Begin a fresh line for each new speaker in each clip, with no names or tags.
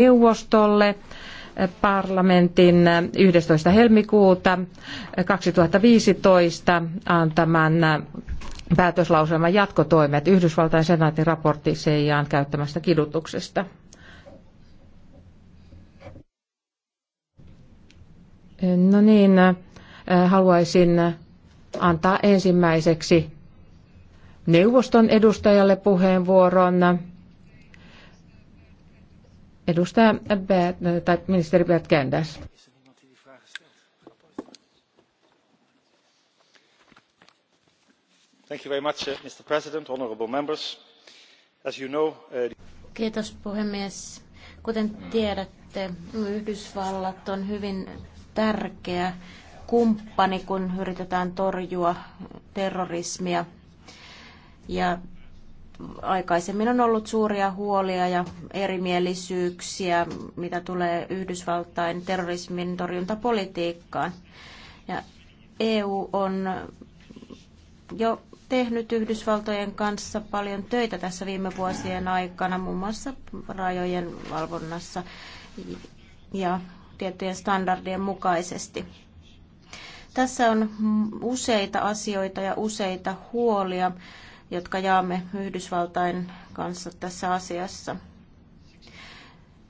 neuvostolle parlamentin 11. helmikuuta 2015 antaman päätöslauselman jatkotoimet Yhdysvaltain senaatin raportti CIAn käyttämästä kidutuksesta. No niin, haluaisin antaa ensimmäiseksi neuvoston edustajalle puheenvuoron. Edustaja Bert, tai ministeri Bert Kenders.
mr uh, president honourable members as you know uh,
puhemies kuten tiedätte yhdysvallat on hyvin tärkeä kumppani kun yritetään torjua terrorismia ja aikaisemmin on ollut suuria huolia ja erimielisyyksiä, mitä tulee Yhdysvaltain terrorismin torjuntapolitiikkaan. Ja EU on jo tehnyt Yhdysvaltojen kanssa paljon töitä tässä viime vuosien aikana, muun muassa rajojen valvonnassa ja tiettyjen standardien mukaisesti. Tässä on useita asioita ja useita huolia jotka jaamme Yhdysvaltain kanssa tässä asiassa.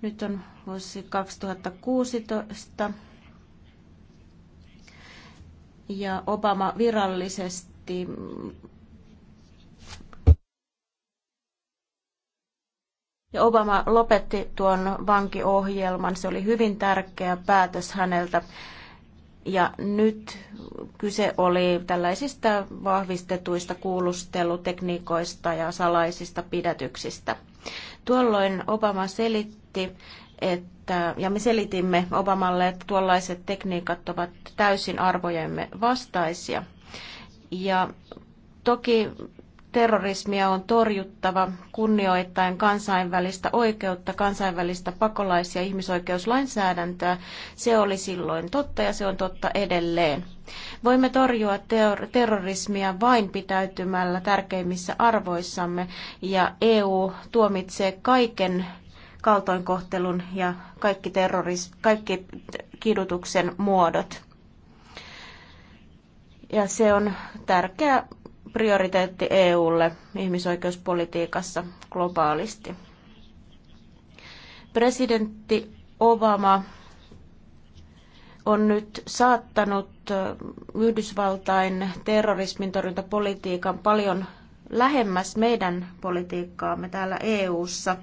Nyt on vuosi 2016 ja Obama virallisesti ja Obama lopetti tuon vankiohjelman. Se oli hyvin tärkeä päätös häneltä. Ja nyt kyse oli tällaisista vahvistetuista kuulustelutekniikoista ja salaisista pidätyksistä. Tuolloin Obama selitti, että, ja me selitimme Obamalle, että tuollaiset tekniikat ovat täysin arvojemme vastaisia. Ja toki Terrorismia on torjuttava kunnioittaen kansainvälistä oikeutta, kansainvälistä pakolais- ja ihmisoikeuslainsäädäntöä. Se oli silloin totta ja se on totta edelleen. Voimme torjua terrorismia vain pitäytymällä tärkeimmissä arvoissamme ja EU tuomitsee kaiken kaltoinkohtelun ja kaikki, terroris, kaikki kidutuksen muodot. Ja se on tärkeä prioriteetti EUlle ihmisoikeuspolitiikassa globaalisti. Presidentti Obama on nyt saattanut Yhdysvaltain terrorismin torjuntapolitiikan paljon lähemmäs meidän politiikkaamme täällä EU:ssa.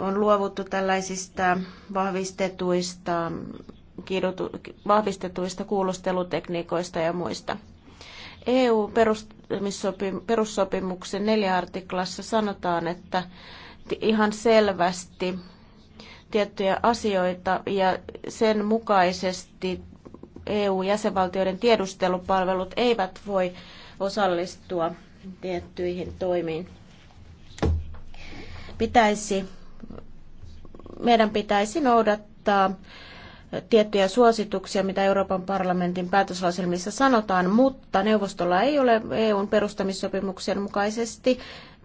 On luovuttu tällaisista vahvistetuista, kiidotu, vahvistetuista kuulustelutekniikoista ja muista. EU perussopimuksen neljä artiklassa sanotaan, että ihan selvästi tiettyjä asioita ja sen mukaisesti EU-jäsenvaltioiden tiedustelupalvelut eivät voi osallistua tiettyihin toimiin. Pitäisi, meidän pitäisi noudattaa tiettyjä suosituksia, mitä Euroopan parlamentin päätöslauselmissa sanotaan, mutta neuvostolla ei ole EUn perustamissopimuksen mukaisesti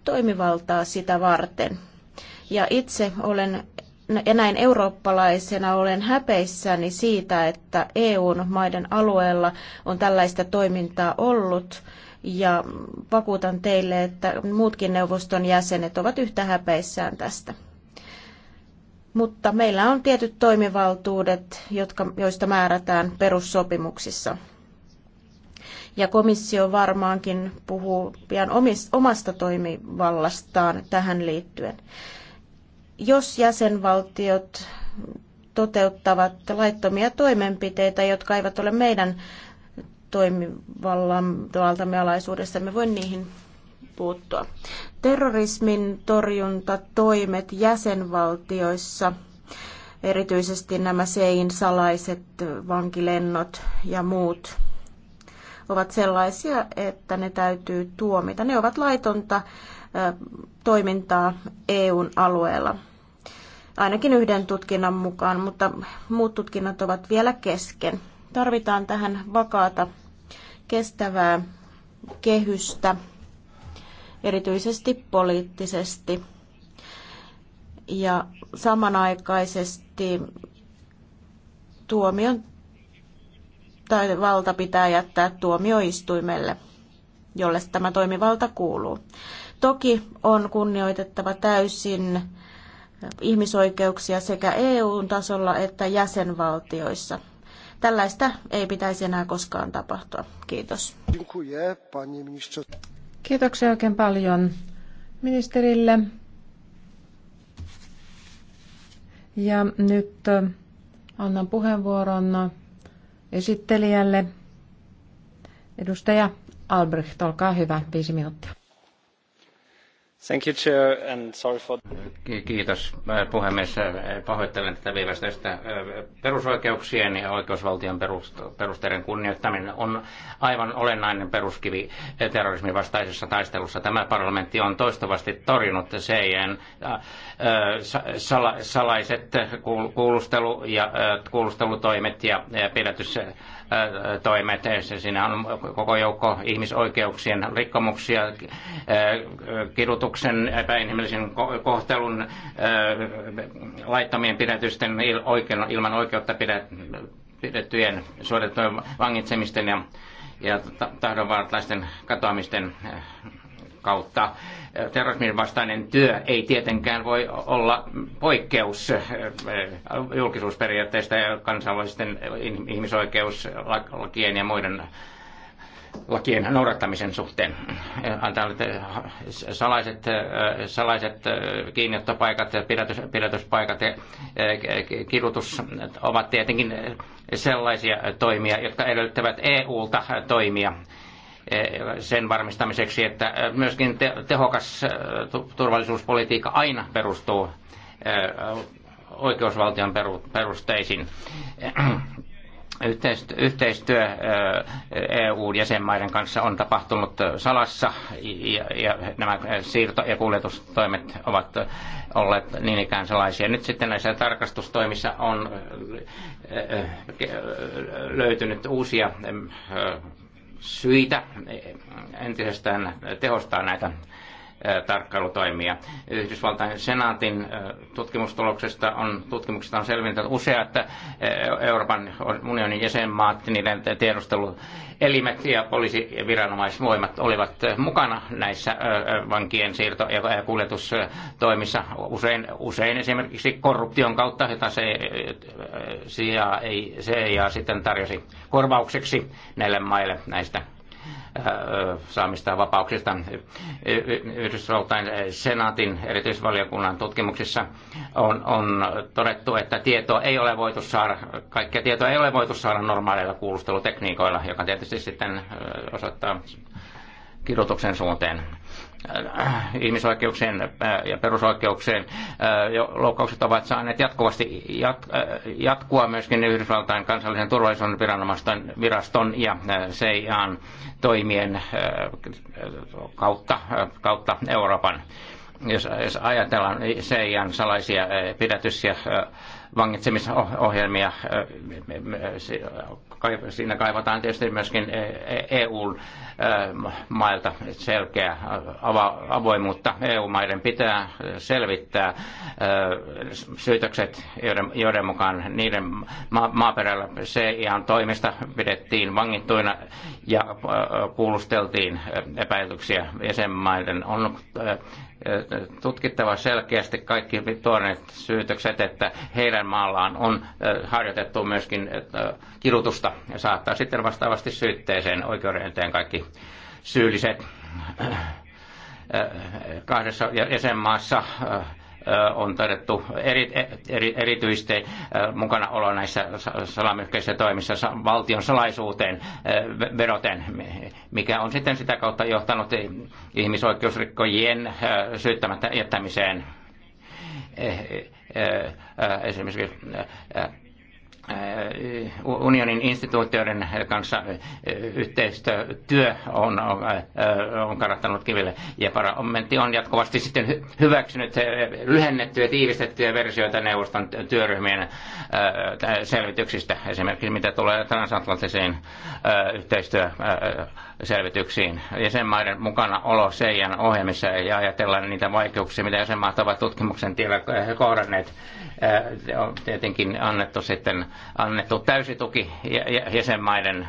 toimivaltaa sitä varten. Ja itse olen ja näin eurooppalaisena olen häpeissäni siitä, että EUn maiden alueella on tällaista toimintaa ollut ja vakuutan teille, että muutkin neuvoston jäsenet ovat yhtä häpeissään tästä mutta meillä on tietyt toimivaltuudet, jotka, joista määrätään perussopimuksissa. Ja komissio varmaankin puhuu pian omasta toimivallastaan tähän liittyen. Jos jäsenvaltiot toteuttavat laittomia toimenpiteitä, jotka eivät ole meidän toimivaltamme alaisuudessa, me voi niihin puuttua. Terrorismin torjuntatoimet jäsenvaltioissa, erityisesti nämä sein salaiset vankilennot ja muut, ovat sellaisia, että ne täytyy tuomita. Ne ovat laitonta toimintaa EUn alueella ainakin yhden tutkinnan mukaan, mutta muut tutkinnat ovat vielä kesken. Tarvitaan tähän vakaata, kestävää kehystä erityisesti poliittisesti. Ja samanaikaisesti tuomion tai valta pitää jättää tuomioistuimelle, jolle tämä toimivalta kuuluu. Toki on kunnioitettava täysin ihmisoikeuksia sekä EU-tasolla että jäsenvaltioissa. Tällaista ei pitäisi enää koskaan tapahtua. Kiitos.
Kiitoksia oikein paljon ministerille. Ja nyt äh, annan puheenvuoron esittelijälle. Edustaja Albrecht, olkaa hyvä, viisi minuuttia
arvoisa Kiitos puhemies. Pahoittelen tätä viivästystä. Perusoikeuksien ja oikeusvaltion perusteiden kunnioittaminen on aivan olennainen peruskivi terrorismin vastaisessa taistelussa. Tämä parlamentti on toistuvasti torjunut CIN salaiset kuulustelu- ja kuulustelutoimet ja pidätys toimet. Siinä on koko joukko ihmisoikeuksien rikkomuksia, kidutuksen, epäinhimillisen kohtelun, laittomien pidätysten ilman oikeutta pidettyjen suoritettujen vangitsemisten ja, tahdonvaltaisten katoamisten kautta. Terrorismin vastainen työ ei tietenkään voi olla poikkeus eh, eh, julkisuusperiaatteista ja kansainvälisten ihmisoikeuslakien ja muiden lakien noudattamisen suhteen. Eh, salaiset, salaiset kiinniottopaikat, pidätys, pidätyspaikat ja kidutus ovat tietenkin sellaisia toimia, jotka edellyttävät EUlta toimia sen varmistamiseksi, että myöskin tehokas turvallisuuspolitiikka aina perustuu oikeusvaltion perusteisiin. Yhteistyö EU-jäsenmaiden kanssa on tapahtunut salassa ja, nämä siirto- ja kuljetustoimet ovat olleet niin ikään salaisia. Nyt sitten näissä tarkastustoimissa on löytynyt uusia syitä entisestään tehostaa näitä tarkkailutoimia. Yhdysvaltain senaatin tutkimustuloksesta on, tutkimuksesta on selvinnyt, että useat Euroopan unionin jäsenmaat, niiden tiedusteluelimet ja poliisiviranomaisvoimat olivat mukana näissä vankien siirto- ja kuljetustoimissa, usein, usein esimerkiksi korruption kautta, jota se, CIA, ei, se ja sitten tarjosi korvaukseksi näille maille näistä Äh, saamista vapauksista. Yhdysvaltain äh, senaatin erityisvaliokunnan tutkimuksissa on, on todettu, että tietoa ei ole voitu saada, kaikkea tietoa ei ole voitu saada normaaleilla kuulustelutekniikoilla, joka tietysti sitten äh, osoittaa kirjoituksen suuntaan äh, ihmisoikeuksien äh, ja perusoikeuksien äh, loukkaukset ovat saaneet jatkuvasti jat, jatkua myöskin Yhdysvaltain kansallisen turvallisuuden viranomaisten viraston ja CIAn toimien kautta, kautta Euroopan. Jos, jos ajatellaan CIAn salaisia pidätys- ja vangitsemisohjelmia, Siinä kaivataan tietysti myöskin EU-mailta e- e ähm, selkeää avoimuutta. EU-maiden pitää selvittää äh, syytökset, joiden mukaan niiden maaperällä CIAn toimista pidettiin vangittuina ja äh, kuulusteltiin äh, epäilyksiä jäsenmaiden on tutkittava selkeästi kaikki tuoneet syytökset, että heidän maallaan on harjoitettu myöskin kirutusta ja saattaa sitten vastaavasti syytteeseen oikeuden kaikki syylliset kahdessa jäsenmaassa on todettu eri, e, eri, erityisesti mukana olo näissä salamyhkeissä toimissa valtion salaisuuteen veroten, mikä on sitten sitä kautta johtanut ihmisoikeusrikkojien syyttämättä jättämiseen e, e, esimerkiksi Äh, unionin instituutioiden kanssa äh, yhteistyö on, on, äh, on kiville. Ja parlamentti on jatkuvasti sitten hyväksynyt lyhennettyjä, tiivistettyjä versioita neuvoston työryhmien selvityksistä, esimerkiksi mitä tulee transatlanttisiin yhteistyöselvityksiin. Jäsenmaiden mukana olo CIAn ohjelmissa ja ajatellaan niitä vaikeuksia, mitä jäsenmaat ovat tutkimuksen tiellä kohdanneet. Tietenkin annettu sitten annettu täysi tuki jäsenmaiden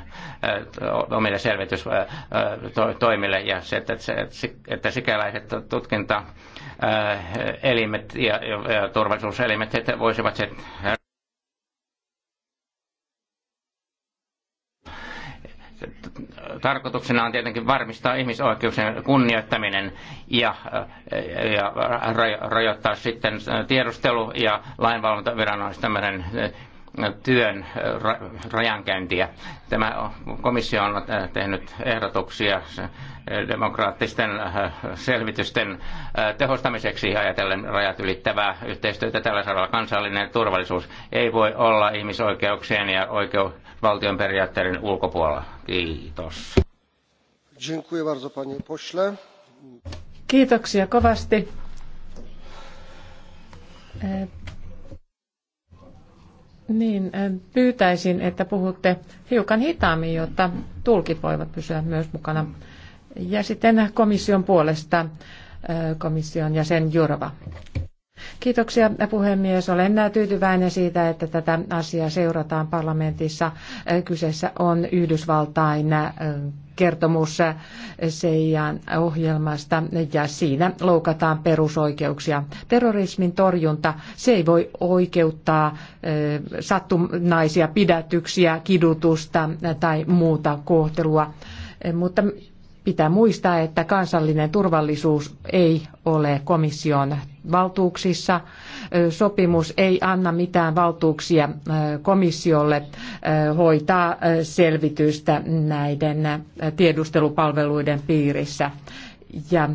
omille selvitystoimille ja se, että, että sikäläiset tutkinta elimet ja, ja turvallisuuselimet että voisivat se tarkoituksena on tietenkin varmistaa ihmisoikeuksien kunnioittaminen ja, ja rajoittaa sitten tiedustelu- ja lainvalvontaviranomaisten työn äh, rajankäyntiä. Tämä komissio on äh, tehnyt ehdotuksia äh, demokraattisten selvitysten tehostamiseksi ajatellen rajat ylittävää yhteistyötä tällä saralla. Kansallinen turvallisuus ei voi olla ihmisoikeuksien ja oikeusvaltion periaatteiden ulkopuolella. Kiitos.
Kiitoksia kovasti. Niin, pyytäisin, että puhutte hiukan hitaammin, jotta tulkit voivat pysyä myös mukana. Ja sitten komission puolesta komission jäsen Jurva. Kiitoksia puhemies. Olen tyytyväinen siitä, että tätä asiaa seurataan parlamentissa. Kyseessä on Yhdysvaltain äh, kertomus Seijan ohjelmasta ja siinä loukataan perusoikeuksia. Terrorismin torjunta, se ei voi oikeuttaa äh, sattunaisia pidätyksiä, kidutusta tai muuta kohtelua. Äh, mutta Pitää muistaa, että kansallinen turvallisuus ei ole komission valtuuksissa. Sopimus ei anna mitään valtuuksia komissiolle hoitaa selvitystä näiden tiedustelupalveluiden piirissä. Ja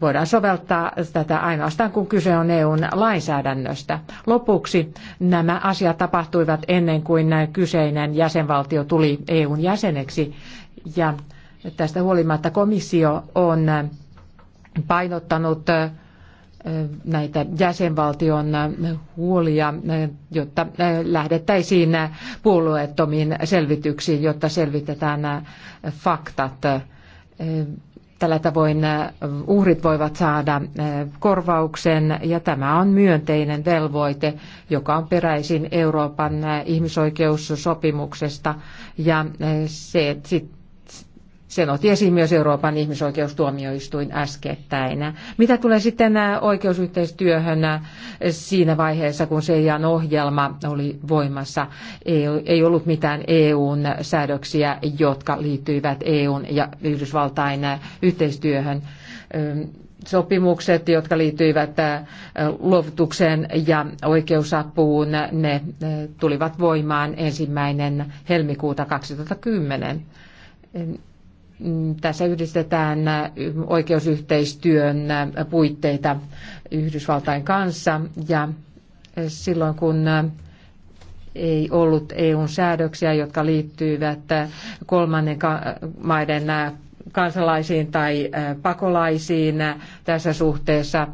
voidaan soveltaa tätä ainoastaan, kun kyse on EUn lainsäädännöstä. Lopuksi nämä asiat tapahtuivat ennen kuin kyseinen jäsenvaltio tuli EUn jäseneksi ja Tästä huolimatta komissio on äh, painottanut äh, näitä jäsenvaltion äh, huolia, jotta lähdettäisiin puolueettomiin selvityksiin, jotta selvitetään faktat. Tällä tavoin uhrit voivat saada korvauksen ja tämä on myönteinen velvoite, joka on peräisin Euroopan ihmisoikeussopimuksesta ja se sitten sen otti esiin myös Euroopan ihmisoikeustuomioistuin äskettäin. Mitä tulee sitten oikeusyhteistyöhön siinä vaiheessa, kun Seijan ohjelma oli voimassa, ei ollut mitään EUn säädöksiä, jotka liittyivät EUn ja Yhdysvaltain yhteistyöhön sopimukset, jotka liittyivät luovutukseen ja oikeusapuun, ne tulivat voimaan ensimmäinen helmikuuta 2010. Mm, tässä yhdistetään äh, oikeusyhteistyön äh, puitteita Yhdysvaltain kanssa ja äh, silloin kun ei ollut eu säädöksiä, jotka liittyivät kolmannen maiden kansalaisiin tai pakolaisiin tässä suhteessa,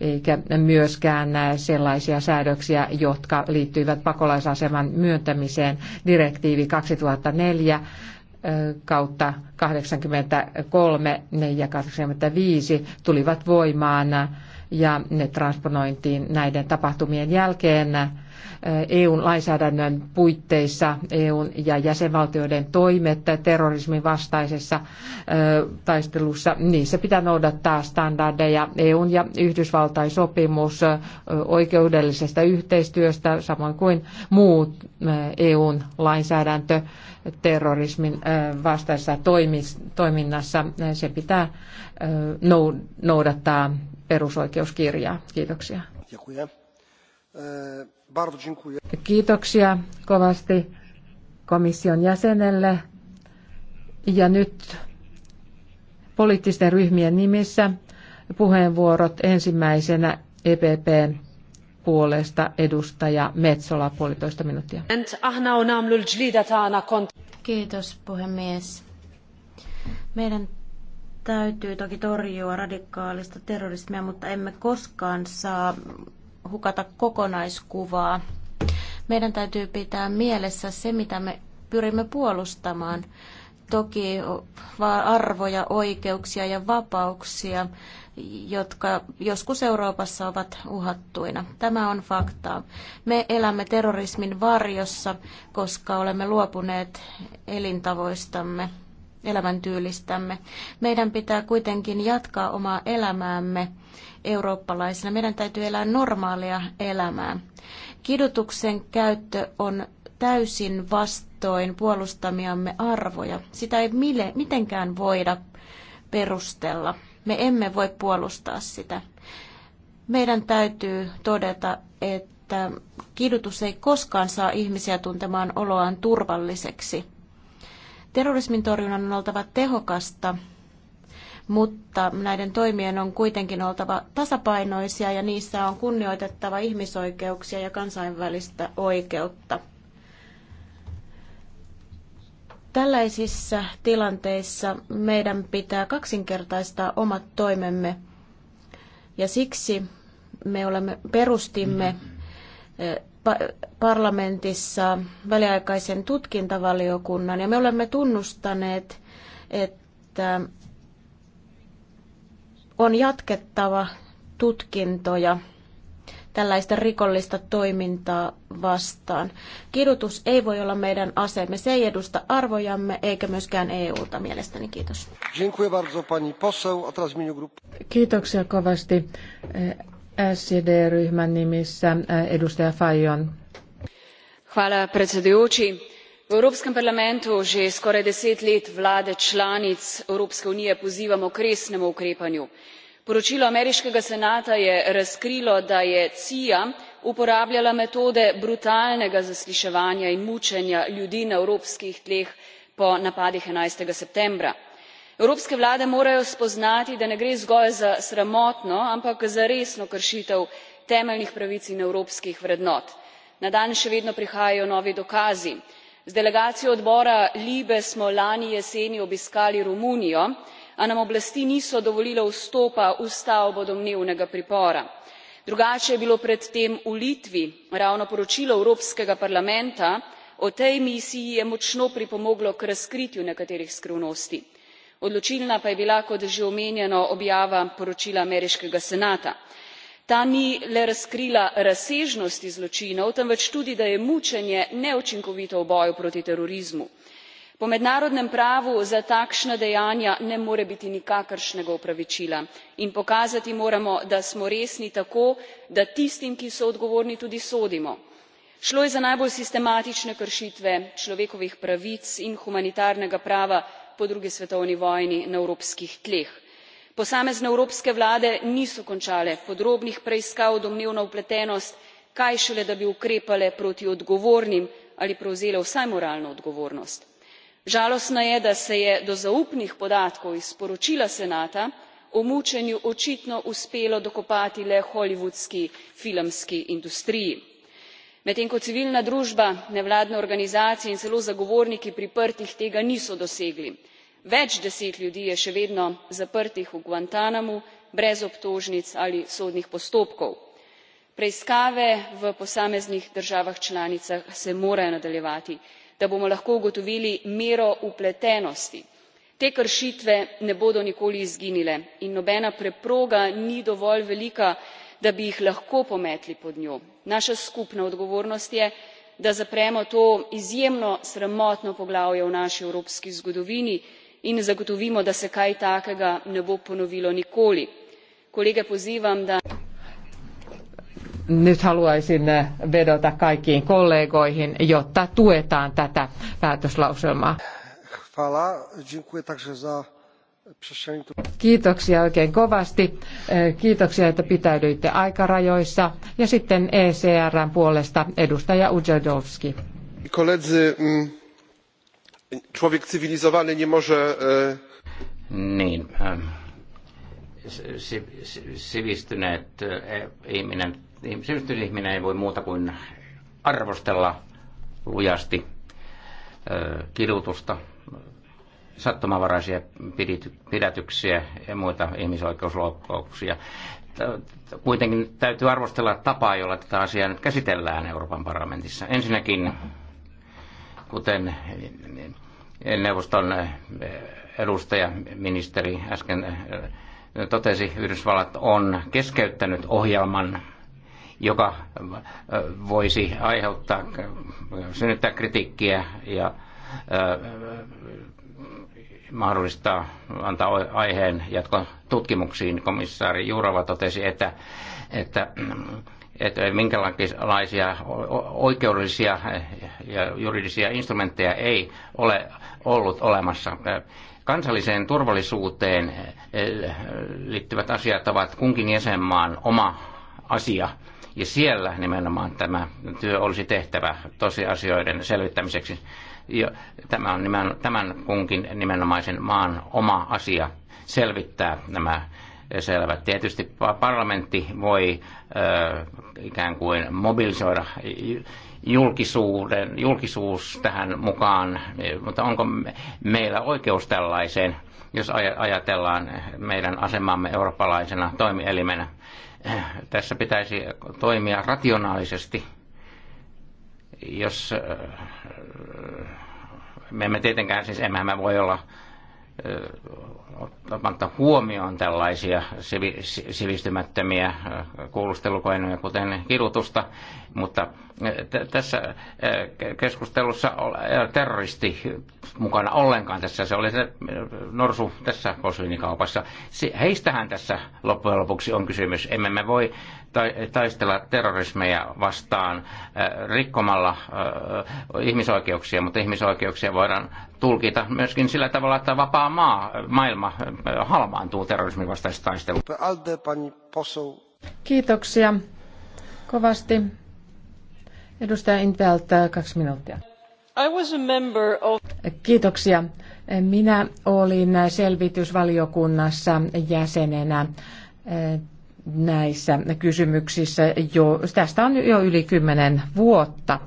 eikä myöskään sellaisia säädöksiä, jotka liittyivät pakolaisaseman myöntämiseen. Direktiivi 2004 kautta 83 ja 85 tulivat voimaan ja ne transponointiin näiden tapahtumien jälkeen EUn lainsäädännön puitteissa EUn ja jäsenvaltioiden toimet terrorismin vastaisessa taistelussa, niissä pitää noudattaa standardeja. EUn ja Yhdysvaltain sopimus oikeudellisesta yhteistyöstä, samoin kuin muut EUn lainsäädäntö terrorismin vastaisessa toiminnassa, se pitää noudattaa perusoikeuskirjaa. Kiitoksia. Kiitoksia kovasti komission jäsenelle. Ja nyt poliittisten ryhmien nimissä puheenvuorot ensimmäisenä EPP puolesta edustaja Metsola puolitoista minuuttia.
Kiitos puhemies. Meidän täytyy toki torjua radikaalista terrorismia, mutta emme koskaan saa hukata kokonaiskuvaa. Meidän täytyy pitää mielessä se, mitä me pyrimme puolustamaan. Toki arvoja, oikeuksia ja vapauksia, jotka joskus Euroopassa ovat uhattuina. Tämä on faktaa. Me elämme terrorismin varjossa, koska olemme luopuneet elintavoistamme elämäntyylistämme. Meidän pitää kuitenkin jatkaa omaa elämäämme eurooppalaisina. Meidän täytyy elää normaalia elämää. Kidutuksen käyttö on täysin vastoin puolustamiamme arvoja. Sitä ei mile, mitenkään voida perustella. Me emme voi puolustaa sitä. Meidän täytyy todeta, että kidutus ei koskaan saa ihmisiä tuntemaan oloaan turvalliseksi. Terrorismin torjunnan on oltava tehokasta mutta näiden toimien on kuitenkin oltava tasapainoisia ja niissä on kunnioitettava ihmisoikeuksia ja kansainvälistä oikeutta. Tällaisissa tilanteissa meidän pitää kaksinkertaistaa omat toimemme ja siksi me olemme, perustimme eh, parlamentissa väliaikaisen tutkintavaliokunnan ja me olemme tunnustaneet, että on jatkettava tutkintoja tällaista rikollista toimintaa vastaan. Kidutus ei voi olla meidän aseemme. Se ei edusta
arvojamme eikä myöskään EU-ta mielestäni. Kiitos. Kiitoksia kovasti e, SCD-ryhmän nimissä e, edustaja Fajon.
Hvala v evropskem parlamentu že skoraj deset let vlade članic evropske unije pozivamo k resnemu ukrepanju. poročilo ameriškega senata je razkrilo da je cia uporabljala metode brutalnega zasliševanja in mučenja ljudi na evropskih tleh po napadih. enajst septembra evropske vlade morajo spoznati da ne gre zgolj za sramotno ampak za resno kršitev temeljnih pravic in evropskih vrednot. na dan še vedno prihajajo novi dokazi z delegacijo odbora libe smo lani jeseni obiskali romunijo a nam oblasti niso dovolile vstopa v stavbo domnevnega pripora. drugače je bilo pred tem v litvi ravno poročilo evropskega parlamenta o tej misiji je močno pripomoglo k razkritju nekaterih skrivnosti odločilna pa je bila kot že omenjeno objava poročila ameriškega senata ta ni le razkrila razsežnosti zločinov temveč tudi da je mučenje neučinkovito v boju proti terorizmu. po mednarodnem pravu za takšna dejanja ne more biti nikakršnega opravičila in pokazati moramo da smo resni tako da tistim ki so odgovorni tudi sodimo. šlo je za najbolj sistematične kršitve človekovih pravic in humanitarnega prava po drugi svetovni vojni na evropskih tleh posamezne evropske vlade niso končale podrobnih preiskav domnevno vpletenost kaj šele da bi ukrepale proti odgovornim ali prevzele vsaj moralno odgovornost. žalostno je da se je do zaupnih podatkov iz poročila senata o mučenju očitno uspelo dokopati le hollywoodski filmski industriji medtem ko civilna družba nevladne organizacije in celo zagovorniki priprtih tega niso dosegli več deset ljudi je še vedno zaprtih v guantanamu brez obtožnic ali sodnih postopkov. preiskave v posameznih državah članicah se morajo nadaljevati da bomo lahko ugotovili mero vpletenosti. te kršitve ne bodo nikoli izginile in nobena preproga ni dovolj velika da bi jih lahko pometli pod njo. naša skupna odgovornost je da zapremo to izjemno sramotno poglavje v naši evropski zgodovini in zagotovimo da se kaj takega ne bo ponovilo nikoli. kolege pozivam da
nyt haluaisin eh, vedota kaikkiin kollegoihin, jotta tuetaan tätä päätöslauselmaa. Kiitoksia oikein kovasti. Eh, kiitoksia, että pitäydyitte aikarajoissa. Ja sitten ECRn puolesta edustaja Udzjadowski.
Koledzy, mm, człowiek cywilizowany nie może... E,
niin, ähm, sivistyneet e, ihminen, sivistynyt ihminen ei voi muuta kuin arvostella lujasti e, kidutusta, sattumavaraisia pidätyksiä ja muita ihmisoikeusloukkauksia. Kuitenkin täytyy arvostella tapaa, jolla tätä asiaa nyt käsitellään Euroopan parlamentissa. Ensinnäkin, kuten neuvoston eh, edustaja, ministeri äsken eh, totesi, Yhdysvallat on keskeyttänyt ohjelman, joka eh, voisi aiheuttaa, synnyttää kritiikkiä ja mahdollistaa antaa aiheen tutkimuksiin Komissaari Jurova totesi, että, että että minkälaisia oikeudellisia ja juridisia instrumentteja ei ole ollut olemassa. Kansalliseen turvallisuuteen eh, liittyvät asiat ovat kunkin jäsenmaan oma asia. Ja siellä nimenomaan tämä työ olisi tehtävä tosiasioiden selvittämiseksi. Ja tämä on nimen, tämän kunkin nimenomaisen maan oma asia selvittää nämä eh, selvät. Tietysti parlamentti voi ö, eh, ikään kuin mobilisoida julkisuuden, julkisuus tähän mukaan, mutta onko meillä oikeus tällaiseen, jos ajatellaan meidän asemamme eurooppalaisena toimielimenä? Tässä pitäisi toimia rationaalisesti, jos me emme tietenkään, siis emmehän me voi olla ottamatta huomioon tällaisia sivistymättömiä kuulustelukoinoja, kuten kidutusta, mutta tässä keskustelussa terroristi mukana ollenkaan tässä, se oli se norsu tässä kosynikaupassa. Heistähän tässä loppujen lopuksi on kysymys. Emme me voi taistella terrorismeja vastaan rikkomalla ihmisoikeuksia, mutta ihmisoikeuksia voidaan tulkita myöskin sillä tavalla, että vapaa maa, maailma halmaantuu terrorismin vastaisessa taistelussa.
Kiitoksia kovasti. Edustaja Intvelt, kaksi minuuttia. Of... Kiitoksia. Minä olin selvitysvaliokunnassa jäsenenä näissä kysymyksissä jo, tästä on jo yli kymmenen vuotta.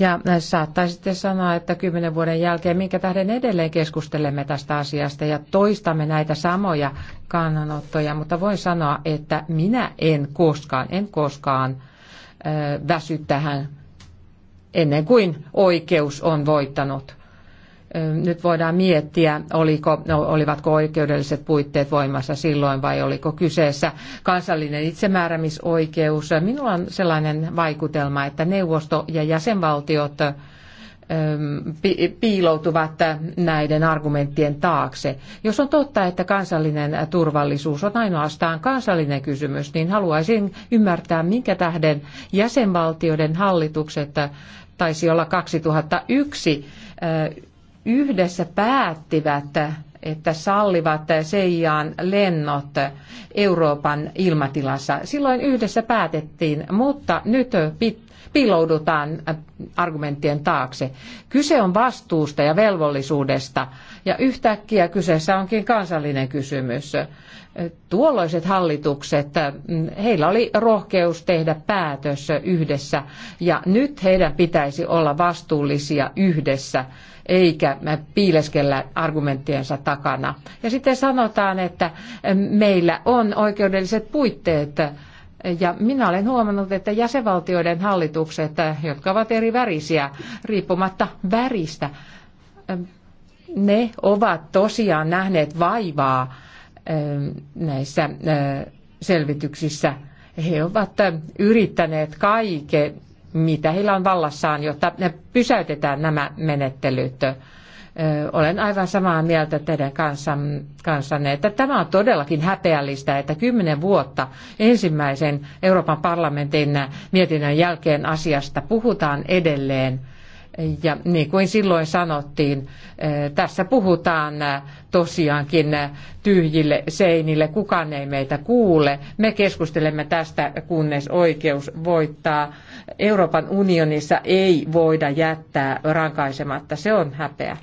Ja äh, sitten sanoa, että kymmenen vuoden jälkeen, minkä tähden edelleen keskustelemme tästä asiasta ja toistamme näitä samoja kannanottoja, mutta voin sanoa, että minä en koskaan, en koskaan äh, väsy tähän ennen kuin oikeus on voittanut. Nyt voidaan miettiä, oliko, no, olivatko oikeudelliset puitteet voimassa silloin vai oliko kyseessä kansallinen itsemääräämisoikeus. Minulla on sellainen vaikutelma, että neuvosto ja jäsenvaltiot piiloutuvat näiden argumenttien taakse. Jos on totta, että kansallinen turvallisuus on ainoastaan kansallinen kysymys, niin haluaisin ymmärtää, minkä tähden jäsenvaltioiden hallitukset taisi olla 2001 yhdessä päättivät, että sallivat Seijaan lennot Euroopan ilmatilassa. Silloin yhdessä päätettiin, mutta nyt piiloudutaan argumenttien taakse. Kyse on vastuusta ja velvollisuudesta ja yhtäkkiä kyseessä onkin kansallinen kysymys. Tuolloiset hallitukset, heillä oli rohkeus tehdä päätös yhdessä ja nyt heidän pitäisi olla vastuullisia yhdessä eikä piileskellä argumenttiensa takana. Ja sitten sanotaan, että meillä on oikeudelliset puitteet ja minä olen huomannut, että jäsenvaltioiden hallitukset, eh, jotka ovat eri värisiä, riippumatta väristä, eh, ne ovat tosiaan nähneet vaivaa eh, näissä selvityksissä. He ovat yrittäneet kaiken, mitä heillä on vallassaan, jotta pysäytetään nämä menettelyt olen aivan samaa mieltä teidän kanssanne, että tämä on todellakin häpeällistä, että kymmenen vuotta ensimmäisen Euroopan parlamentin mietinnön jälkeen asiasta puhutaan edelleen. Ja niin kuin silloin sanottiin, tässä puhutaan tosiaankin tyhjille seinille, kukaan ei meitä kuule. Me keskustelemme tästä, kunnes oikeus voittaa. Euroopan unionissa ei voida jättää rankaisematta, se on häpeä.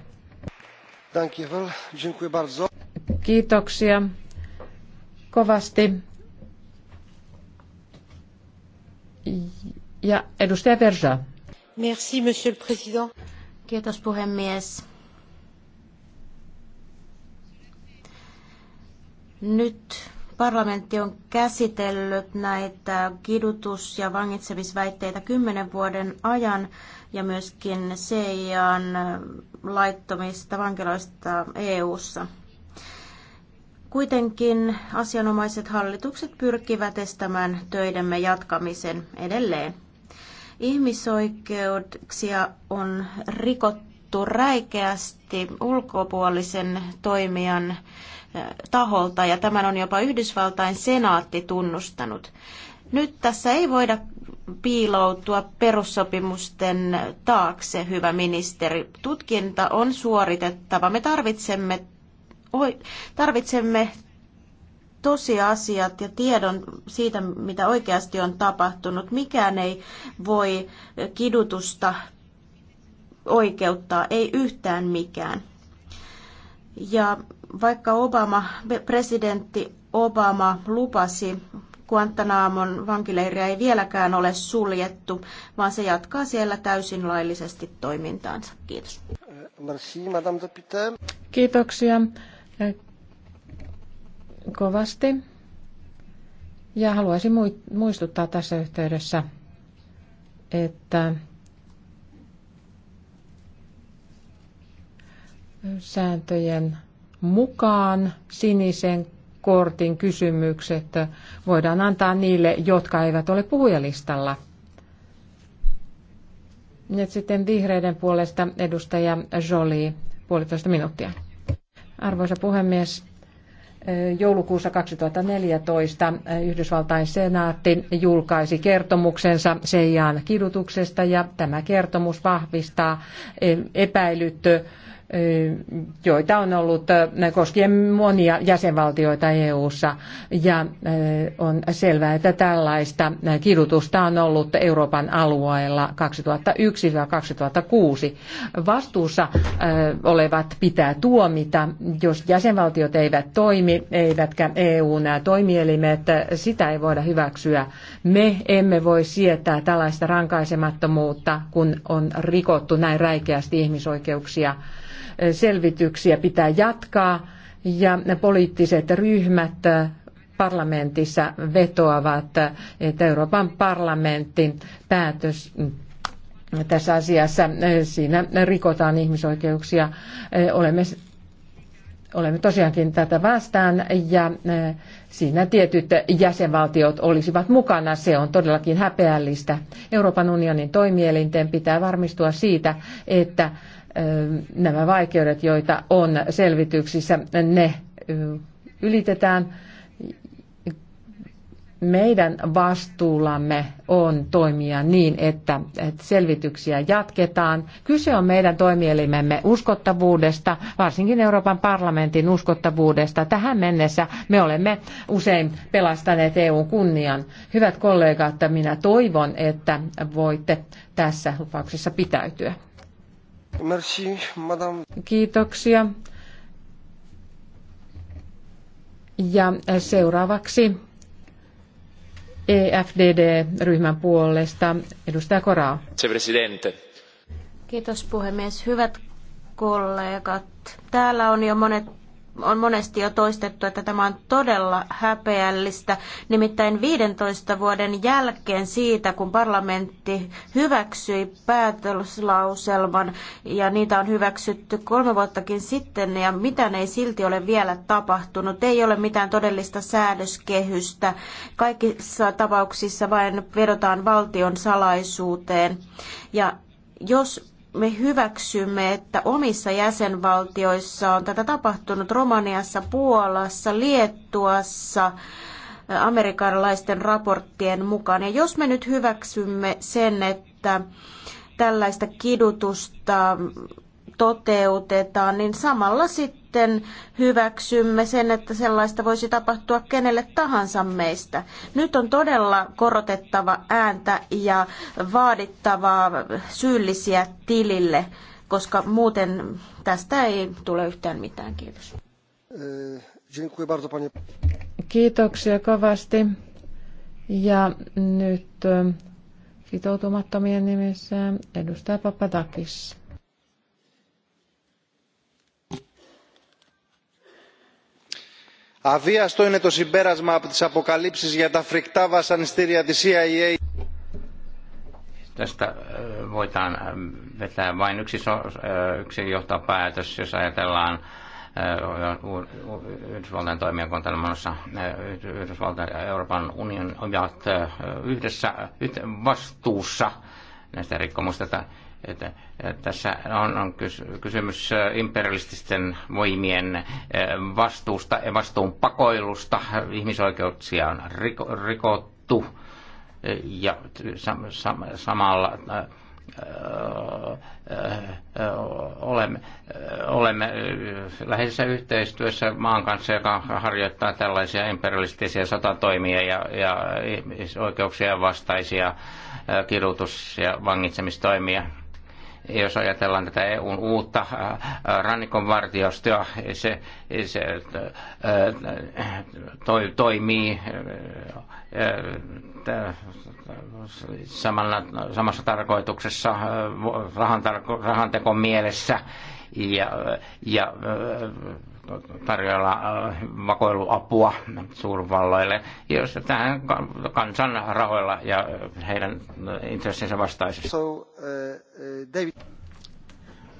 Kiitoksia kovasti. Ja edustaja Verja.
Merci, monsieur le président. Kiitos puhemies. Nyt parlamentti on käsitellyt näitä kidutus- ja vangitsemisväitteitä kymmenen vuoden ajan ja myöskin CIAn laittomista vankiloista EU:ssa. Kuitenkin asianomaiset hallitukset pyrkivät estämään töidemme jatkamisen edelleen. Ihmisoikeuksia on rikottu räikeästi ulkopuolisen toimijan eh, taholta ja tämän on jopa Yhdysvaltain senaatti tunnustanut. Nyt tässä ei voida piiloutua perussopimusten taakse, hyvä ministeri. Tutkinta on suoritettava. Me tarvitsemme, tarvitsemme tosiasiat ja tiedon siitä, mitä oikeasti on tapahtunut. Mikään ei voi kidutusta oikeuttaa, ei yhtään mikään. Ja vaikka Obama, presidentti Obama lupasi Guantanaamon vankileiriä ei vieläkään ole suljettu, vaan se jatkaa siellä täysin laillisesti toimintaansa. Kiitos.
Merci, Madame
Kiitoksia eh, kovasti. Ja haluaisin muistuttaa tässä yhteydessä, että sääntöjen mukaan sinisen kortin kysymykset voidaan antaa niille, jotka eivät ole puhujalistalla. Nyt sitten vihreiden puolesta edustaja Jolie, puolitoista minuuttia. Arvoisa puhemies, joulukuussa 2014 Yhdysvaltain senaatti julkaisi kertomuksensa Seijan kidutuksesta ja tämä kertomus vahvistaa epäilyttö joita on ollut koskien monia jäsenvaltioita EU:ssa ja on selvää, että tällaista kidutusta on ollut Euroopan alueella 2001-2006. Vastuussa olevat pitää tuomita, jos jäsenvaltiot eivät toimi, eivätkä EUn toimielimet, sitä ei voida hyväksyä. Me emme voi sietää tällaista rankaisemattomuutta, kun on rikottu näin räikeästi ihmisoikeuksia selvityksiä pitää jatkaa ja poliittiset ryhmät parlamentissa vetoavat, että Euroopan parlamentin päätös tässä asiassa, siinä rikotaan ihmisoikeuksia. Olemme, olemme tosiaankin tätä vastaan ja siinä tietyt jäsenvaltiot olisivat mukana. Se on todellakin häpeällistä. Euroopan unionin toimielinten pitää varmistua siitä, että nämä vaikeudet, joita on selvityksissä, ne ylitetään. Meidän vastuullamme on toimia niin, että selvityksiä jatketaan. Kyse on meidän toimielimemme uskottavuudesta, varsinkin Euroopan parlamentin uskottavuudesta. Tähän mennessä me olemme usein pelastaneet EUn kunnian. Hyvät kollegat, minä toivon, että voitte tässä lupauksessa pitäytyä.
Merci, madame.
Kiitoksia. Ja eh, seuraavaksi EFDD-ryhmän puolesta edustaja Koraa.
Kiitos puhemies. Hyvät kollegat. Täällä on jo monet on monesti jo toistettu, että tämä on todella häpeällistä. Nimittäin 15 vuoden jälkeen siitä, kun parlamentti hyväksyi päätöslauselman, ja niitä on hyväksytty kolme vuottakin sitten, ja mitään ei silti ole vielä tapahtunut. Ei ole mitään todellista säädöskehystä. Kaikissa tapauksissa vain vedotaan valtion salaisuuteen. Ja jos me hyväksymme, että omissa jäsenvaltioissa on tätä tapahtunut Romaniassa, Puolassa, Liettuassa, amerikkalaisten raporttien mukaan. Ja jos me nyt hyväksymme sen, että tällaista kidutusta toteutetaan, niin samalla sitten hyväksymme sen, että sellaista voisi tapahtua kenelle tahansa meistä. Nyt on todella korotettava ääntä ja vaadittavaa syyllisiä tilille, koska muuten tästä
ei tule yhtään mitään. Kiitos. Kiitoksia kovasti. Ja nyt e, sitoutumattomien nimissä edustaja Papadakis.
αβίαστο είναι το συμπέρασμα από τις αποκαλύψεις για τα φρικτά βασανιστήρια της CIA.
Tästä voidaan vetää vain yksi, yksi johtopäätös, jos ajatellaan Yhdysvaltain toimijakuntelmassa Yhdysvaltain ja Euroopan unionin ovat yhdessä vastuussa näistä rikkomuksista että tässä on, on kysymys äh, imperialististen voimien äh, vastuusta ja vastuun pakoilusta. Ihmisoikeuksia on riko, rikottu äh, ja sam, sam, samalla olemme, olemme läheisessä yhteistyössä maan kanssa, joka harjoittaa tällaisia imperialistisia sotatoimia ja, ja oikeuksia vastaisia kidutus- ja vangitsemistoimia jos ajatellaan tätä EUn uutta äh, äh, rannikonvartiostoa, se, se äh, toi, toimii samalla, samassa tarkoituksessa rahan, rahantekon mielessä ja, ja tarjolla äh, vakoiluapua suurvalloille, jos tähän kansan rahoilla ja heidän intressinsä vastaisesti. So, uh, David.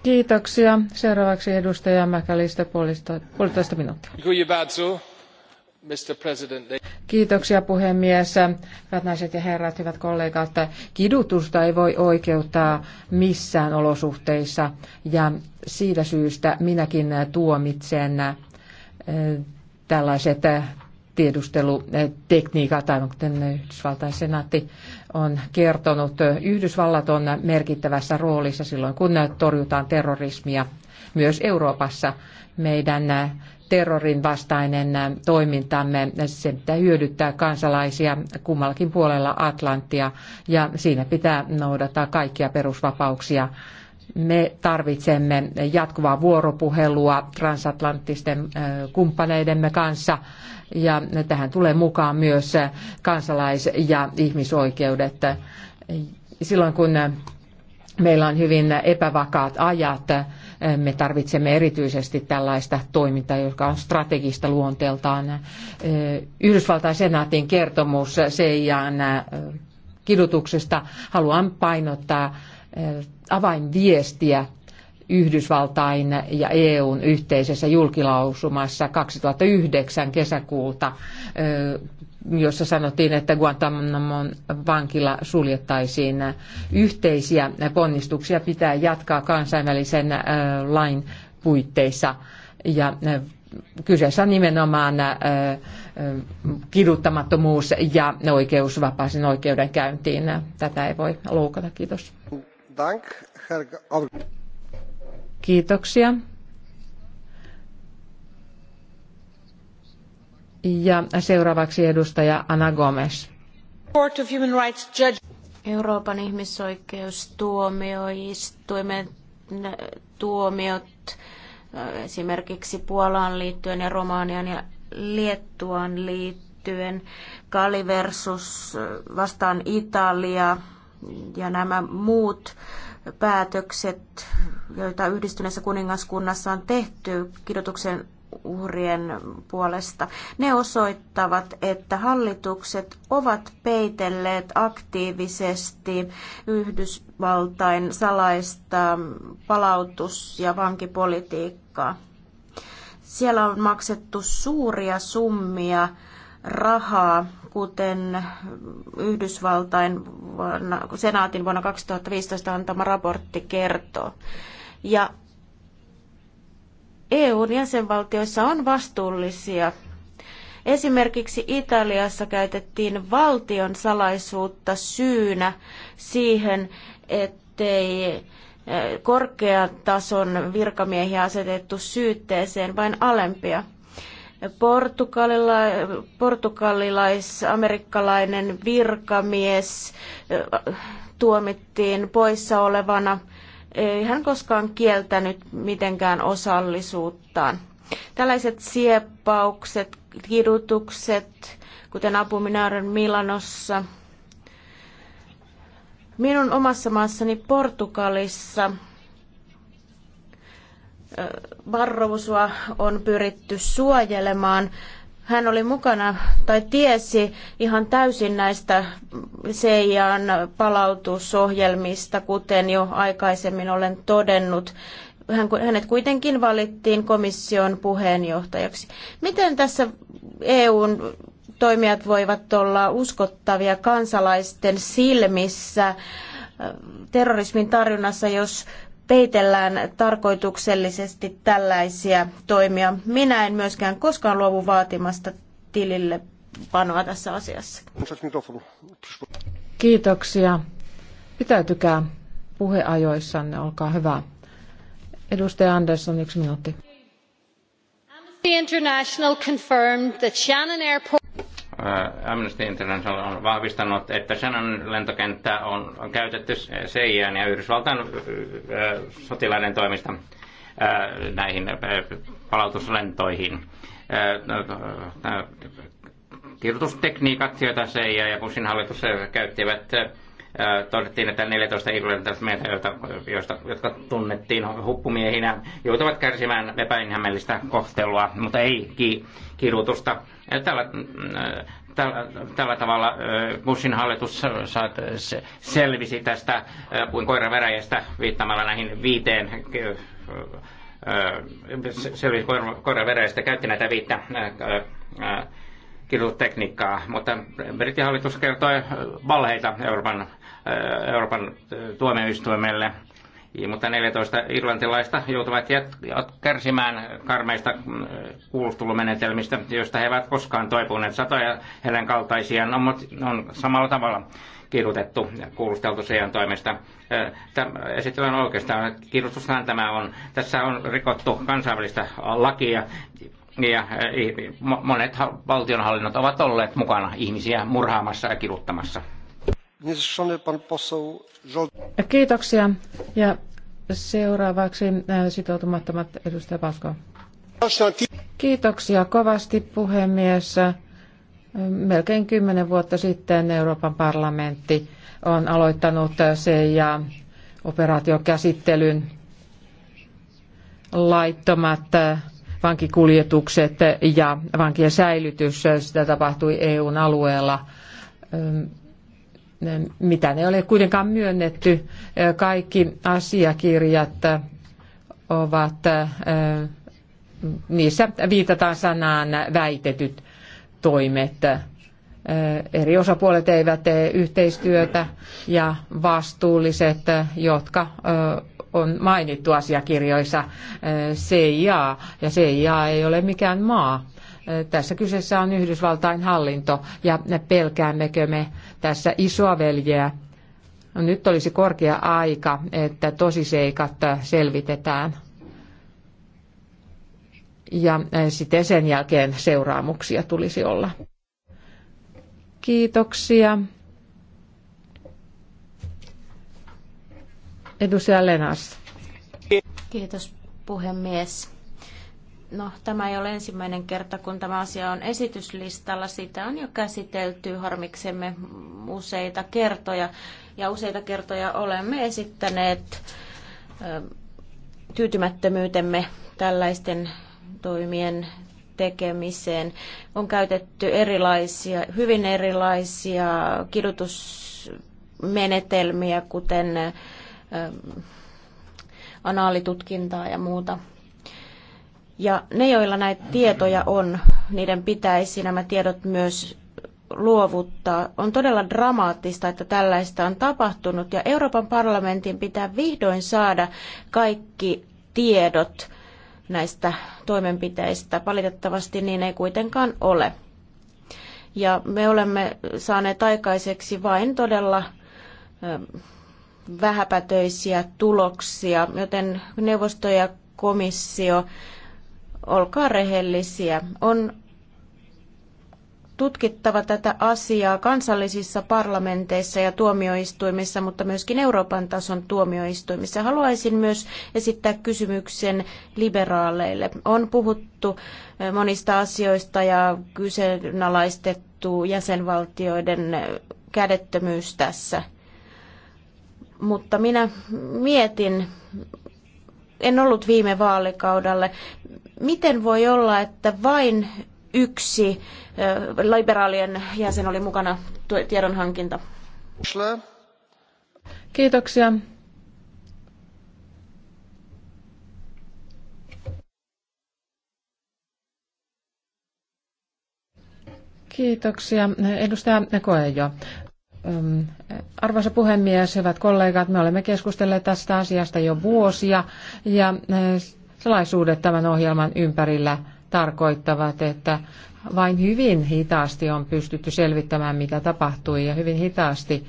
Kiitoksia. Seuraavaksi edustaja Mäkälistä puolitoista minuuttia. Kiitoksia puhemies. Hyvät naiset ja herrat, hyvät kollegat. Kidutusta ei voi oikeuttaa missään olosuhteissa ja siitä syystä minäkin tuomitsen eh, tällaiset eh, tiedustelutekniikat, aivan kuten Yhdysvaltain senaatti on kertonut. Yhdysvallat on merkittävässä roolissa silloin, kun torjutaan terrorismia myös Euroopassa. Meidän eh, terrorin vastainen toimintamme, se pitää hyödyttää kansalaisia kummallakin puolella Atlanttia ja siinä pitää noudattaa kaikkia perusvapauksia. Me tarvitsemme jatkuvaa vuoropuhelua transatlanttisten kumppaneidemme kanssa ja tähän tulee mukaan myös kansalais- ja ihmisoikeudet. Silloin kun meillä on hyvin epävakaat ajat, me tarvitsemme erityisesti tällaista toimintaa, joka on strategista luonteeltaan. Yhdysvaltain senaatin kertomus CIAn kidutuksesta haluan painottaa avainviestiä Yhdysvaltain ja EUn yhteisessä julkilausumassa 2009 kesäkuulta, jossa sanottiin, että Guantanamon vankila suljettaisiin. Yhteisiä ponnistuksia pitää jatkaa kansainvälisen lain puitteissa ja kyseessä on nimenomaan kiduttamattomuus ja oikeus vapaaseen oikeudenkäyntiin. Tätä ei voi loukata. Kiitos. Dank, Kiitoksia. Ja seuraavaksi edustaja Ana Gomes.
Euroopan ihmisoikeustuomioistuimen äh, tuomiot äh, esimerkiksi Puolaan liittyen ja Romaanian ja Liettuaan liittyen, Kali versus äh, vastaan Italia ja nämä muut päätökset, joita yhdistyneessä kuningaskunnassa on tehty kidutuksen uhrien puolesta, ne osoittavat, että hallitukset ovat peitelleet aktiivisesti Yhdysvaltain salaista palautus- ja vankipolitiikkaa. Siellä on maksettu suuria summia rahaa kuten Yhdysvaltain vuonna, senaatin vuonna 2015 antama raportti kertoo. Ja EUn jäsenvaltioissa on vastuullisia. Esimerkiksi Italiassa käytettiin valtion salaisuutta syynä siihen, ettei eh, korkean tason virkamiehiä asetettu syytteeseen, vain alempia. Portugalilla, portugalilais-amerikkalainen virkamies tuomittiin poissa olevana. Ei hän koskaan kieltänyt mitenkään osallisuuttaan. Tällaiset sieppaukset, kidutukset, kuten Abuminaaren Milanossa. Minun omassa maassani Portugalissa Barrousua on pyritty suojelemaan. Hän oli mukana tai tiesi ihan täysin näistä Seijan palautusohjelmista, kuten jo aikaisemmin olen todennut. Hän, hänet kuitenkin valittiin komission puheenjohtajaksi. Miten tässä EUn toimijat voivat olla uskottavia kansalaisten silmissä äh, terrorismin tarjunnassa, jos peitellään tarkoituksellisesti tällaisia toimia. Minä en myöskään koskaan luovu vaatimasta tilille panoa tässä asiassa.
Kiitoksia. Pitäytykää puheajoissanne, olkaa hyvä. Edustaja Andersson, yksi
minuutti. Amnesty International confirmed that Shannon Airport Äh, Amnesty International on vahvistanut, että Shannon lentokenttä on käytetty CIA ja Yhdysvaltain äh, sotilaiden toimista äh, näihin palautuslentoihin. Kirjoitustekniikat, joita CIA ja Bushin hallitus käyttivät todettiin, että 14 irlantilaismiestä, joita, joista, jotka tunnettiin huppumiehinä, joutuvat kärsimään epäinhämmellistä kohtelua, mutta ei ki, kidutusta. Tällä, mm, tällä, tällä tavalla Bushin hallitus selvisi tästä kuin koira veräjästä viittamalla näihin viiteen selvisi koira veräjästä, käytti näitä viittä kirjoitustekniikkaa, mutta Britin hallitus kertoi valheita Euroopan Euroopan tuomioistuimelle. Mutta 14 irlantilaista joutuvat kärsimään karmeista mm, kuulustulumenetelmistä, joista he eivät koskaan toipuneet. Satoja heidän kaltaisiaan on, on samalla tavalla kirjoitettu ja kuulusteltu sen toimesta. Esitellään oikeastaan, että tämä on. Tässä on rikottu kansainvälistä lakia ja e, monet valtionhallinnot ovat olleet mukana ihmisiä murhaamassa ja kiruttamassa.
Kiitoksia. Ja seuraavaksi e, sitoutumattomat edustaja Pasko. Kiitoksia kovasti puhemies. E, melkein kymmenen vuotta sitten Euroopan parlamentti on aloittanut CIA operaatiokäsittelyn laittomat e, vankikuljetukset ja vankien säilytys. Sitä tapahtui EUn alueella mitä ne ei ole kuitenkaan myönnetty. Kaikki asiakirjat ovat, niissä viitataan sanaan väitetyt toimet. Eri osapuolet eivät tee yhteistyötä ja vastuulliset, jotka on mainittu asiakirjoissa CIA, ja CIA ei ole mikään maa tässä kyseessä on Yhdysvaltain hallinto ja pelkäämmekö me tässä isoa veljeä. Nyt olisi korkea aika, että tosiseikat selvitetään ja eh, sitten sen jälkeen seuraamuksia tulisi olla. Kiitoksia. Edustaja Lenas. Kiitos puhemies.
No, tämä ei ole ensimmäinen kerta, kun tämä asia on esityslistalla. Sitä on jo käsitelty harmiksemme useita kertoja. Ja useita kertoja olemme esittäneet tyytymättömyytemme tällaisten toimien tekemiseen. On käytetty erilaisia, hyvin erilaisia kidutusmenetelmiä, kuten anaalitutkintaa ja muuta ja ne, joilla näitä tietoja on, niiden pitäisi nämä tiedot myös luovuttaa. On todella dramaattista, että tällaista on tapahtunut ja Euroopan parlamentin pitää vihdoin saada kaikki tiedot näistä toimenpiteistä. Valitettavasti niin ei kuitenkaan ole. Ja me olemme saaneet aikaiseksi vain todella vähäpätöisiä tuloksia, joten neuvosto ja komissio Olkaa rehellisiä. On tutkittava tätä asiaa kansallisissa parlamenteissa ja tuomioistuimissa, mutta myöskin Euroopan tason tuomioistuimissa. Haluaisin myös esittää kysymyksen liberaaleille. On puhuttu eh, monista asioista ja kyseenalaistettu jäsenvaltioiden eh, kädettömyys tässä. Mutta minä mietin, en ollut viime vaalikaudelle, Miten voi olla, että vain yksi liberaalien jäsen oli mukana tiedonhankinta?
Kiitoksia. Kiitoksia. Edustaja Koejo. Arvoisa puhemies, hyvät kollegat, me olemme keskustelleet tästä asiasta jo vuosia ja salaisuudet tämän ohjelman ympärillä tarkoittavat, että vain hyvin hitaasti on pystytty selvittämään, mitä tapahtui, ja hyvin hitaasti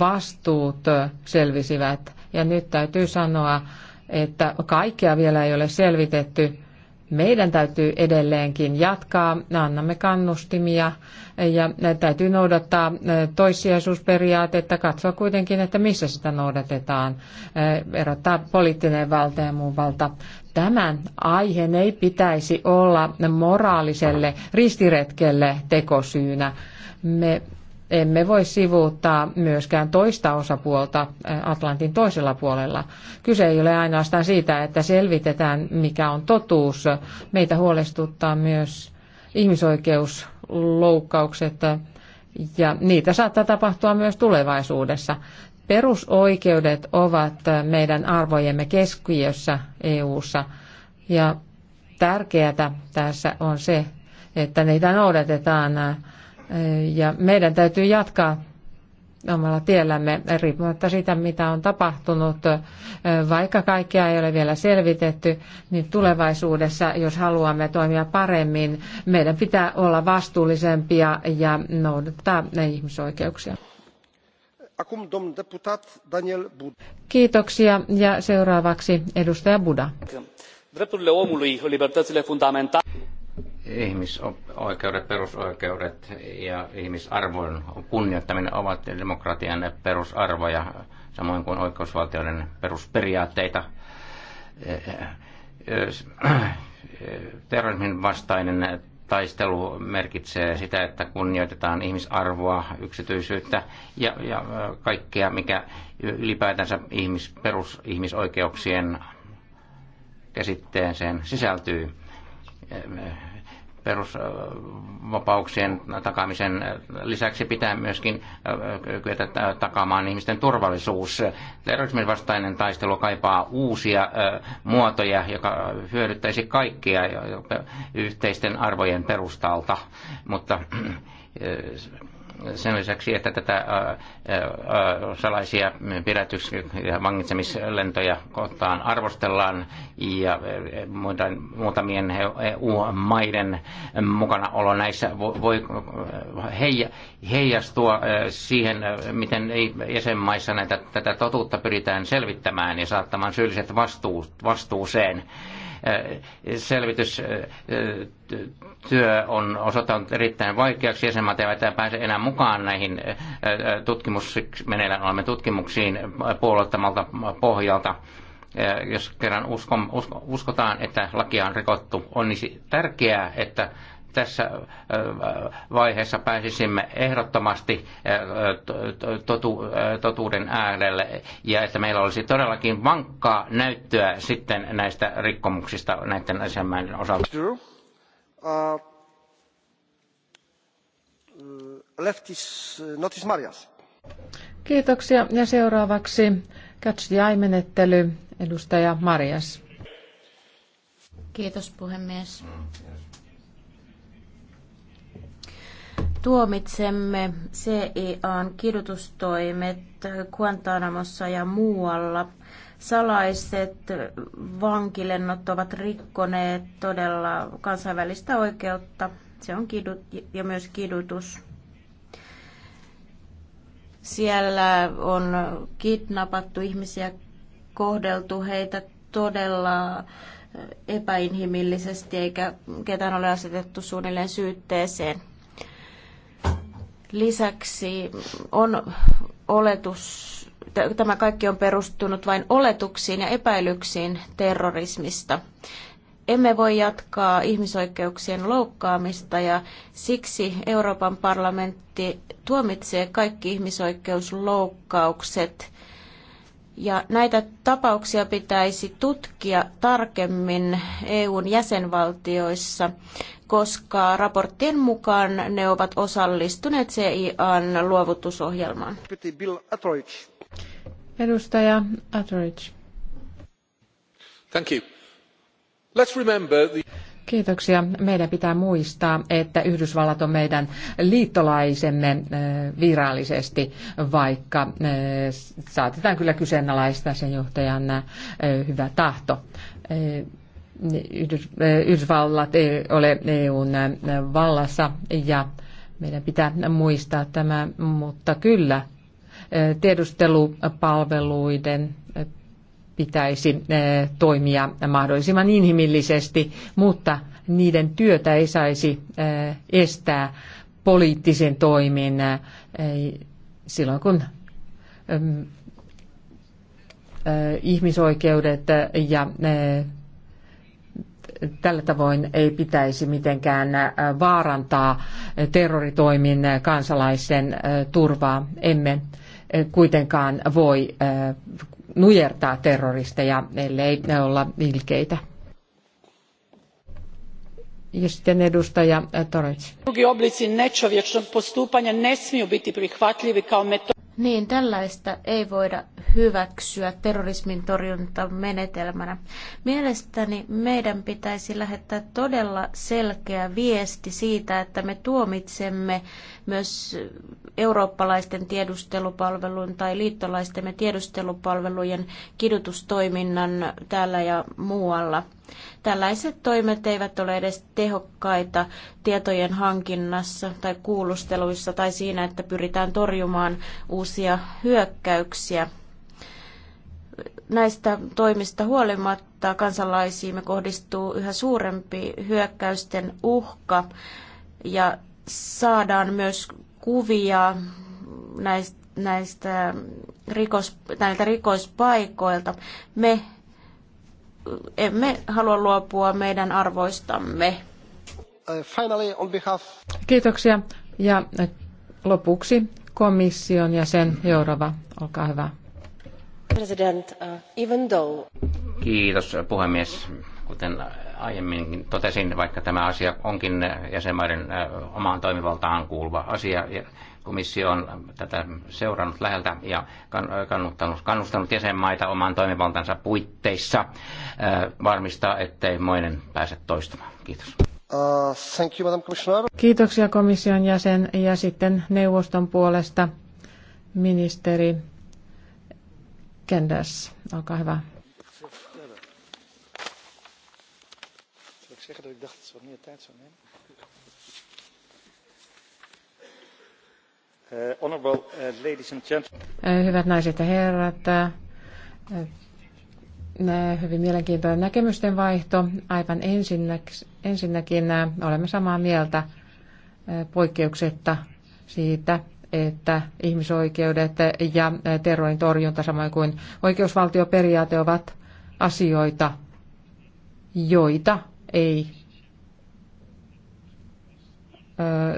vastuut selvisivät. Ja nyt täytyy sanoa, että kaikkea vielä ei ole selvitetty. Meidän täytyy edelleenkin jatkaa, annamme kannustimia ja täytyy noudattaa toissijaisuusperiaatetta, katsoa kuitenkin, että missä sitä noudatetaan, erottaa poliittinen valta ja muun valta tämän aiheen ei pitäisi olla moraaliselle ristiretkelle tekosyynä. Me emme voi sivuuttaa myöskään toista osapuolta Atlantin toisella puolella. Kyse ei ole ainoastaan siitä, että selvitetään, mikä on totuus. Meitä huolestuttaa myös ihmisoikeusloukkaukset ja niitä saattaa tapahtua myös tulevaisuudessa. Perusoikeudet ovat meidän arvojemme keskiössä EU:ssa ja tärkeää tässä on se, että niitä noudatetaan ja meidän täytyy jatkaa omalla tiellämme riippumatta siitä, mitä on tapahtunut. Vaikka kaikkea ei ole vielä selvitetty, niin tulevaisuudessa, jos haluamme toimia paremmin, meidän pitää olla vastuullisempia ja noudattaa ihmisoikeuksia. Kiitoksia ja
Drepturile omului, libertățile fundamentale ihmisoikeudet, perusoikeudet ja ihmisarvon kunnioittaminen ovat demokratian perusarvoja, samoin kuin oikeusvaltioiden perusperiaatteita. Eh, eh, eh, terrorismin vastainen taistelu merkitsee sitä, että kunnioitetaan ihmisarvoa, yksityisyyttä ja, ja kaikkea, mikä ylipäätänsä ihmis, perusihmisoikeuksien käsitteeseen sisältyy perusvapauksien takaamisen lisäksi pitää myöskin kyetä takaamaan ihmisten turvallisuus. Terrorismin vastainen taistelu kaipaa uusia muotoja, joka hyödyttäisi kaikkia yhteisten arvojen perustalta, mutta sen lisäksi, että tätä salaisia pidätys- ja vangitsemislentoja kohtaan arvostellaan ja muutamien EU-maiden mukanaolo näissä voi heijastua siihen, miten jäsenmaissa näitä, tätä totuutta pyritään selvittämään ja saattamaan syylliset vastuuseen. Äh, selvitystyö äh, on osoittanut erittäin vaikeaksi. Jäsenmaat eivät pääse enää mukaan näihin äh, tutkimuksiin olemme tutkimuksiin puolueettomalta pohjalta jos kerran uskotaan, että lakia on rikottu, on niin tärkeää, että tässä vaiheessa pääsisimme ehdottomasti totu, totuuden äärelle ja että meillä olisi todellakin vankkaa näyttöä sitten näistä rikkomuksista näiden asianmäiden osalta.
Uh, uh leftis, uh, notis Marias.
Kiitoksia ja seuraavaksi Catch the Eye-menettely, edustaja Marias.
Kiitos puhemies. Mm, yes. Tuomitsemme CIAn kidutustoimet Guantanamossa ja muualla. Salaiset vankilennot ovat rikkoneet todella kansainvälistä oikeutta. Se on kidut ja myös kidutus. Siellä on kidnappattu ihmisiä, kohdeltu heitä todella epäinhimillisesti eikä ketään ole asetettu suunnilleen syytteeseen. Lisäksi on oletus, tämä kaikki on perustunut vain oletuksiin ja epäilyksiin terrorismista. Emme voi jatkaa ihmisoikeuksien loukkaamista ja siksi Euroopan parlamentti tuomitsee kaikki ihmisoikeusloukkaukset ja näitä tapauksia pitäisi tutkia tarkemmin EUn jäsenvaltioissa, koska raporttien mukaan ne ovat osallistuneet CIAn luovutusohjelmaan.
Edustaja Atridge. Thank you. Let's remember the... Kiitoksia. Meidän pitää muistaa, että Yhdysvallat on meidän liittolaisemme äh, virallisesti, vaikka äh, saatetaan kyllä kyseenalaistaa sen johtajan äh, hyvä tahto. Yhdysvallat ei ole EUn vallassa ja meidän pitää muistaa tämä, mutta kyllä tiedustelupalveluiden pitäisi eh, toimia mahdollisimman inhimillisesti, mutta niiden työtä ei saisi eh, estää poliittisen toimin eh, silloin, kun ihmisoikeudet ja tällä tavoin ei pitäisi mitenkään vaarantaa terroritoimin kansalaisen turvaa. Emme kuitenkaan voi nujertaa terroristeja, ellei ne olla ilkeitä. Ja sitten edustaja Torec.
Drugi oblici nečovječnog postupanja ne smiju biti prihvatljivi kao metoda
niin tällaista ei voida hyväksyä terrorismin torjuntamenetelmänä. Mielestäni meidän pitäisi lähettää todella selkeä viesti siitä, että me tuomitsemme myös eurooppalaisten tiedustelupalvelun tai liittolaistemme tiedustelupalvelujen kidutustoiminnan täällä ja muualla – Tällaiset toimet eivät ole edes tehokkaita tietojen hankinnassa tai kuulusteluissa tai siinä, että pyritään torjumaan uusia hyökkäyksiä. Näistä toimista huolimatta kansalaisiimme kohdistuu yhä suurempi hyökkäysten uhka ja saadaan myös kuvia näistä, näistä rikos, näiltä rikospaikoilta. Me emme halua luopua meidän arvoistamme.
Kiitoksia. Ja lopuksi komission jäsen Jourova, olkaa hyvä.
President, uh, even though...
Kiitos puhemies. Kuten aiemmin totesin, vaikka tämä asia onkin jäsenmaiden uh, omaan toimivaltaan kuuluva asia, Komissio on tätä seurannut läheltä ja kannustanut kannustanut jäsenmaita oman toimivaltansa puitteissa äh, varmistaa, ettei moinen pääse toistumaan. Kiitos.
Uh, thank you, Madam Commissioner.
Kiitoksia komission jäsen ja sitten neuvoston puolesta ministeri Kenders. Olkaa hyvä.
zeggen dat ik dacht dat ze wat meer tijd zou nemen. Uh, uh, uh,
hyvät naiset ja herrat, hyvin mielenkiintoinen näkemysten vaihto. Aivan ensinnäkin olemme samaa mieltä poikkeuksetta siitä, että ihmisoikeudet ja terrorin torjunta samoin kuin oikeusvaltioperiaate ovat asioita, joita ei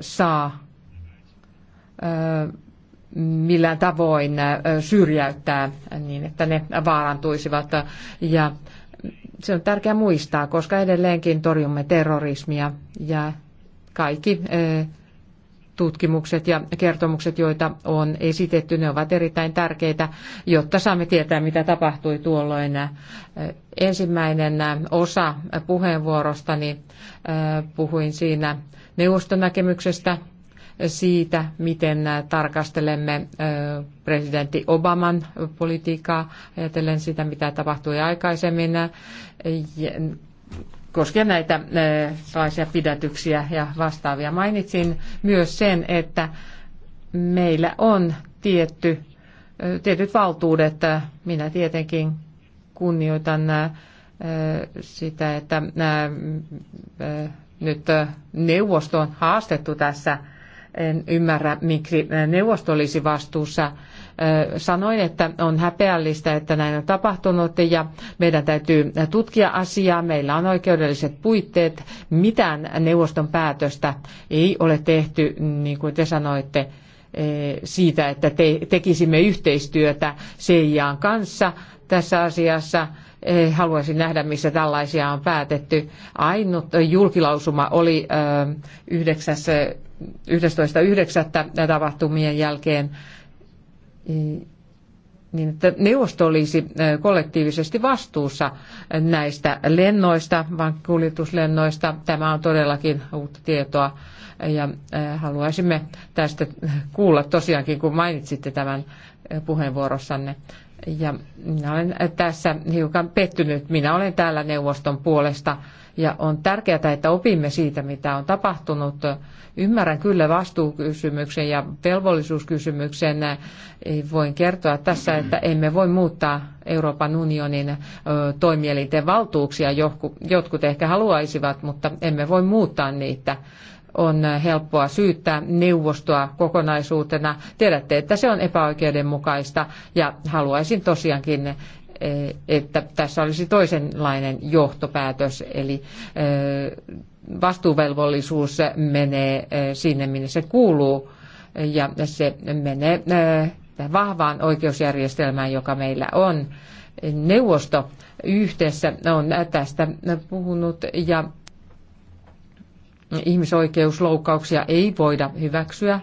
saa millään tavoin syrjäyttää niin, että ne vaarantuisivat. Ja se on tärkeää muistaa, koska edelleenkin torjumme terrorismia ja kaikki tutkimukset ja kertomukset, joita on esitetty, ne ovat erittäin tärkeitä, jotta saamme tietää, mitä tapahtui tuolloin. Ensimmäinen osa puheenvuorostani puhuin siinä neuvoston näkemyksestä siitä, miten tarkastelemme presidentti Obaman politiikkaa, ajatellen sitä, mitä tapahtui aikaisemmin, koskien näitä sellaisia pidätyksiä ja vastaavia. Mainitsin myös sen, että meillä on tietty, tietyt valtuudet. Minä tietenkin kunnioitan sitä, että nyt neuvosto on haastettu tässä en ymmärrä, miksi neuvosto olisi vastuussa. Sanoin, että on häpeällistä, että näin on tapahtunut ja meidän täytyy tutkia asiaa. Meillä on oikeudelliset puitteet. Mitään neuvoston päätöstä ei ole tehty, niin kuin te sanoitte, e, siitä, että te, tekisimme yhteistyötä CIAn kanssa tässä asiassa. Eh, haluaisin nähdä, missä tällaisia on päätetty. Ainut julkilausuma oli 11.9. Eh, eh, tapahtumien jälkeen, niin että neuvosto olisi kollektiivisesti vastuussa näistä lennoista, kuljetuslennoista. Tämä on todellakin uutta tietoa ja haluaisimme tästä kuulla tosiaankin, kun mainitsitte tämän puheenvuorossanne. Ja minä olen tässä hiukan pettynyt. Minä olen täällä neuvoston puolesta ja on tärkeää, että opimme siitä, mitä on tapahtunut. Ymmärrän kyllä vastuukysymyksen ja velvollisuuskysymyksen. Voin kertoa tässä, että emme voi muuttaa Euroopan unionin toimielinten valtuuksia. Jotkut ehkä haluaisivat, mutta emme voi muuttaa niitä on helppoa syyttää neuvostoa kokonaisuutena. Tiedätte, että se on epäoikeudenmukaista ja haluaisin tosiaankin eh, että tässä olisi toisenlainen johtopäätös, eli eh, vastuuvelvollisuus menee eh, sinne, minne se kuuluu, ja se menee vahvaan oikeusjärjestelmään, joka meillä on. Neuvosto yhdessä on tästä puhunut, ja Ihmisoikeusloukkauksia ei voida hyväksyä.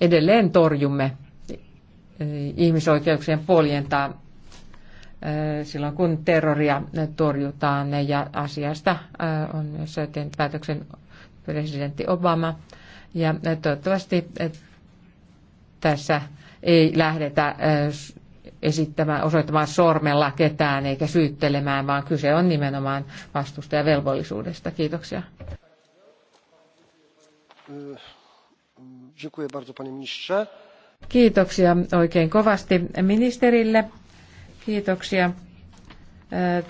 Edelleen torjumme eh, ihmisoikeuksien poljentaa eh, silloin, kun terroria torjutaan ja asiasta eh, on myös tehnyt päätöksen presidentti Obama. Ja toivottavasti tässä ei lähdetä esittämään, osoittamaan sormella ketään eikä syyttelemään, vaan kyse on nimenomaan vastuusta ja velvollisuudesta. Kiitoksia. Kiitoksia oikein kovasti ministerille. Kiitoksia.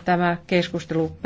Tämä keskustelu